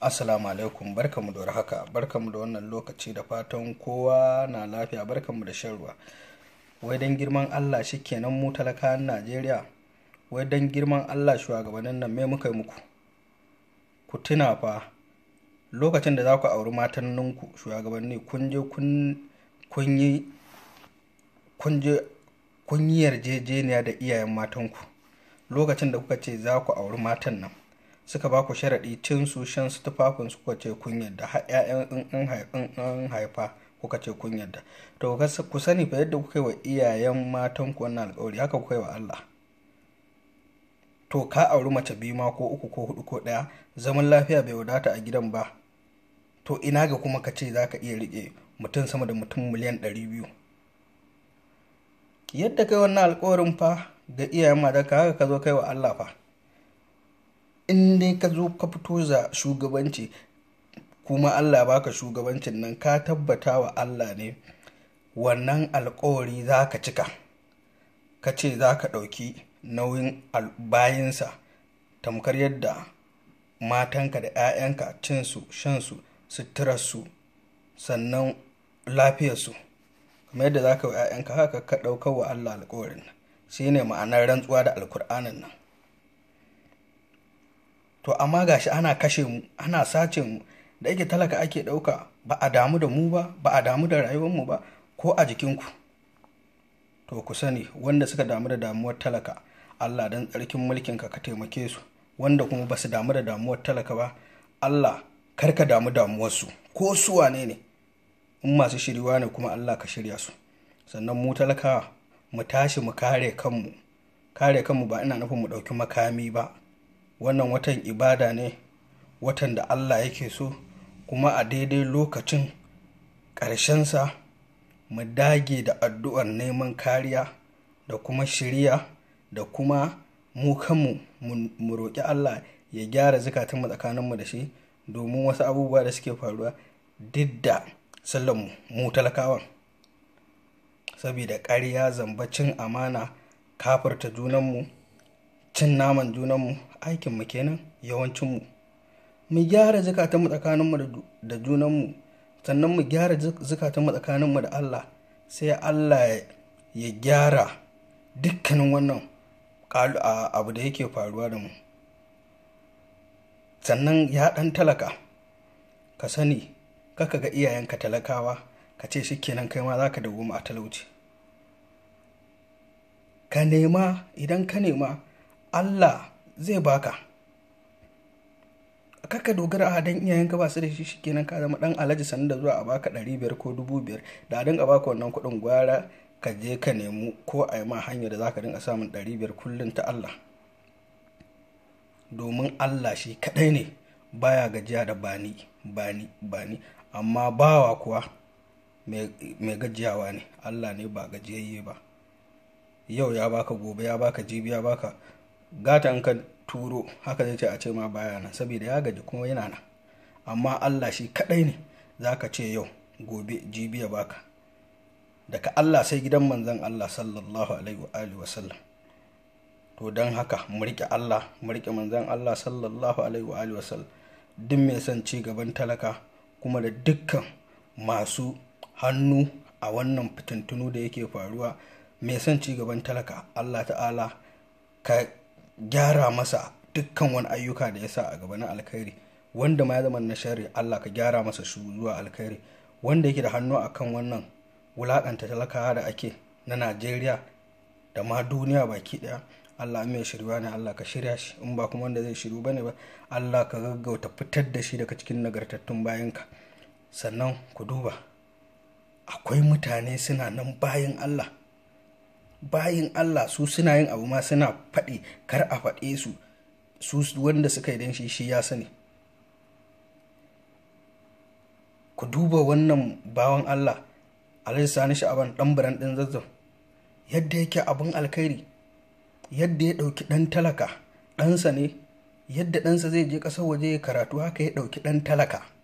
Assalamu alaikum barkamu da haka barkamu da wannan lokaci da fatan kowa na lafiya barkamu da shan ruwa wai dan girman Allah shikenan mu talakawan Najeriya wai dan girman Allah shugabannin nan me muka yi muku ku tuna fa lokacin da za ku auri matan ninku shugabanni kun je kun yi kun je kun yi yarjejeniya da iyayen matanku lokacin da kuka ce za ku auri matan nan suka ba ku sharaɗi cin su shan su tufafin su ce kun yadda har ƴaƴan in an haifa kuka ce kun yadda to ku sani fa yadda kuka yi wa iyayen matan ku wannan alƙawari haka kuka yi wa Allah to ka auri mace biyu ma ko uku ko hudu ko ɗaya zaman lafiya bai wadata a gidan ba to ina ga kuma ka ce za ka iya riƙe mutum sama da mutum miliyan ɗari biyu yadda kai wannan alƙawarin fa ga iyayen mata ka ka zo kai wa Allah fa in dai ka zo ka fito za shugabanci kuma allah baka shugabancin nan ka tabbata wa allah ne wannan alkawari za ka cika ka ce za ka ɗauki nauyin bayansa tamkar yadda matanka da 'ya'yanka cinsu shansu suturarsu sannan lafiyarsu kamar yadda za ka wa 'ya'yanka haka ka ɗaukar wa allah alkawarin nan shi ne ma'anar rantsuwa da alkur'anin nan to amma gashi ana kashe mu ana sace mu da yake talaka ake ɗauka ba a damu da mu ba ba a damu da mu ba ko a jikinku to ku sani wanda suka damu da damuwar talaka allah dan tsarkin mulkin ka ka taimake su wanda kuma ba su damu da damuwar talaka ba allah kar ka damu damuwarsu ko su wane ne in masu shiriwa ne kuma allah ka shirya su sannan mu talaka mu tashi mu kare kanmu kare kanmu ba ina nufin mu ɗauki makami ba wannan watan ibada ne watan da allah yake so kuma a daidai lokacin ƙarshensa mu dage da addu'ar neman kariya da kuma shirya da kuma mu kanmu mu roƙi allah ya gyara zukatunmu tsakaninmu da shi domin wasu abubuwa da suke faruwa duk da sallanmu mu talakawan saboda ƙarya zambacin amana kafarta junanmu cin naman junanmu aikinmu kenan yawancinmu mu gyara zukatanmu tsakaninmu da junanmu sannan mu gyara zukatanmu tsakaninmu da allah sai allah ya gyara dukkanin wannan abu da yake faruwa da mu sannan ya ɗan talaka ka sani kaka ga iyayenka talakawa ka ce shikenan kai ma za ka dawo a talauci ka nema idan ka nema allah zai baka kakka dogara a dan iyayenka ba su da shi shikenan ka zama dan alhaji sanin da zuwa a baka 500 ko biyar da dinga baka wannan kuɗin gwara ka je ka nemu ko a yi ma hanyar da zaka dinga samun ɗari 500 kullum ta Allah domin Allah shi kaɗai ne baya gajiya da bani bani bani amma bawa kuwa mai gajiyawa ne Allah ne ba gajiyayye ba yau ya baka gobe ya baka jibi ya baka gata in ka turo haka zai ce a ce ma baya nan saboda ya gaji kuma yana nan amma allah shi kaɗai ne za ka ce yau gobe jibi ya baka daga allah sai gidan manzan allah sallallahu alaihi wa alihi wasallam to don haka mu allah mu riƙe manzan allah sallallahu alaihi wa alihi wasallam duk mai son ci gaban talaka kuma da dukkan masu hannu a wannan fitintunu da yake faruwa mai son ci gaban talaka allah ta'ala ka gyara masa dukkan wani ayyuka da ya sa a gaba na alkhairi wanda ma ya zama na shari Allah ka gyara masa su zuwa alkhairi wanda yake da hannu akan wannan wulaƙanta talakawa da ake na Najeriya da ma duniya baki ɗaya Allah mai shirya ne Allah ka shirya shi in ba kuma wanda zai shiru bane ba Allah ka gaggauta fitar da shi daga cikin nagartattun bayanka sannan ku duba akwai mutane suna nan bayan Allah bayin Allah su suna yin abu ma suna faɗi kar a faɗe su su wanda suka yi shi shi ya sani ku duba wannan bawan Allah alhaji sani sha'aban dan biran ɗin zazzau yadda yake abin alkhairi yadda ya ɗauki ɗan talaka ɗansa ne yadda ɗansa zai je ƙasar waje ya karatu haka ya ɗauki ɗan talaka